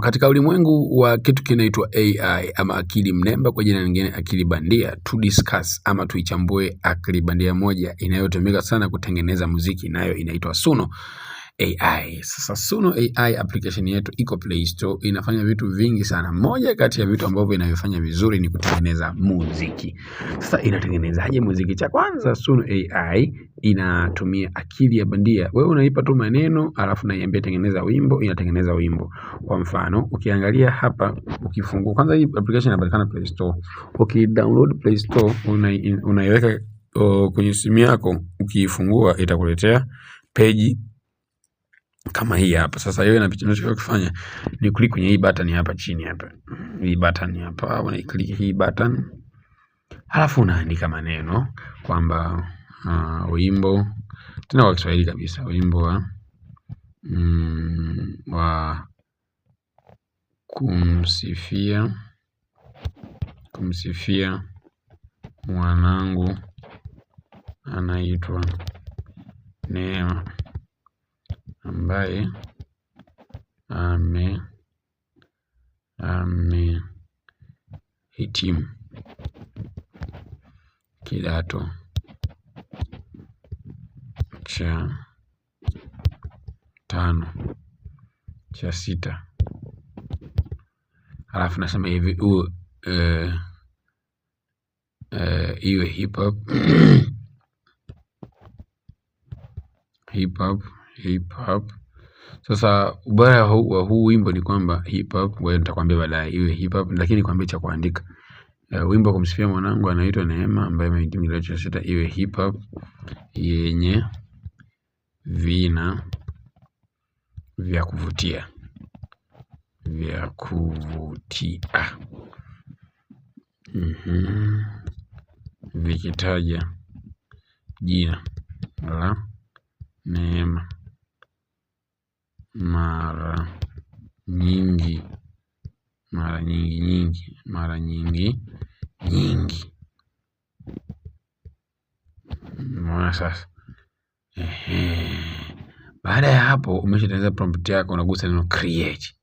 Katika ulimwengu wa kitu kinaitwa AI ama akili mnemba, kwa jina lingine akili bandia, to discuss ama tuichambue akili bandia moja inayotumika sana kutengeneza muziki, nayo inaitwa Suno. AI. Sasa Suno AI application yetu iko Play Store, inafanya vitu vingi sana. Moja kati ya vitu ambavyo inavyofanya vizuri ni kutengeneza muziki. Sasa inatengenezaje muziki? Cha kwanza, Suno AI inatumia akili ya bandia. Wewe unaipa tu maneno, alafu naiambia tengeneza wimbo, inatengeneza wimbo. Kwa mfano, ukiangalia hapa, ukifungua kwanza, hii application inapatikana Play Store. Ukidownload Play Store, unaiweka una oh, kwenye simu yako, ukiifungua itakuletea peji kama hii hapa sasa. Hiyo inachotakiwa kufanya ni click kwenye hii button hapa chini hapa, hii button hapa, una click hii button, halafu unaandika maneno kwamba uh, wimbo tena kwa Kiswahili kabisa, wimbo wa mm, wa kumsifia kumsifia mwanangu anaitwa Neema ambaye ame hitimu kidato cha tano cha sita, alafu nasema hivi u uh, uh, iwe hip hop hip hop hip hop. Sasa ubaya wa huu wimbo ni kwamba hip hop, wewe nitakwambia baadaye iwe hip hop, lakini kwambie cha kuandika. Uh, wimbo wa kumsifia mwanangu anaitwa Neema ambaye amehitimu kidato sita iwe hip hop yenye vina vya kuvutia vya kuvutia mm -hmm. Vikitaja jina la Neema mara nyingi mara nyingi nyingi mara nyingi nyingi umeona sasa baada ya hapo umeshatengeneza prompt yako unagusa neno create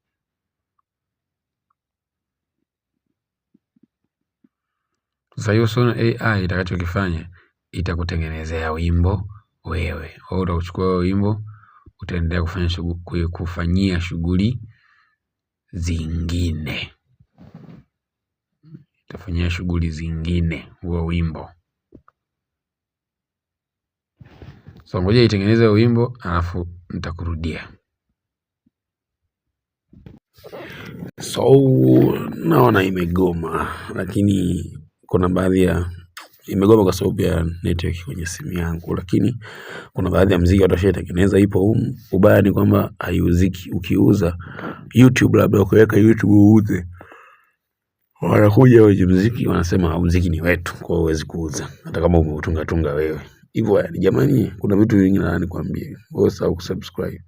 sasa hiyo Sona AI itakachokifanya itakutengenezea wimbo wewe. Wewe utachukua wimbo utaendelea kufanyia shughuli zingine, utafanyia shughuli zingine huo wimbo. So ngoja itengeneze wimbo alafu nitakurudia. So naona imegoma, lakini kuna baadhi ya imegoma kwa sababu ya network kwenye simu yangu, lakini kuna baadhi ya mziki watashaitengeneza ipo humu. Ubaya ni kwamba haiuziki. Ukiuza YouTube, labda ukiweka YouTube uuze, wanakuja wenye mziki wanasema ah, mziki ni wetu, kwa hiyo huwezi kuuza hata kama umeutungatunga wewe hivyo. Yani jamani, kuna vitu vingi na nikwambie, usisahau kusubscribe.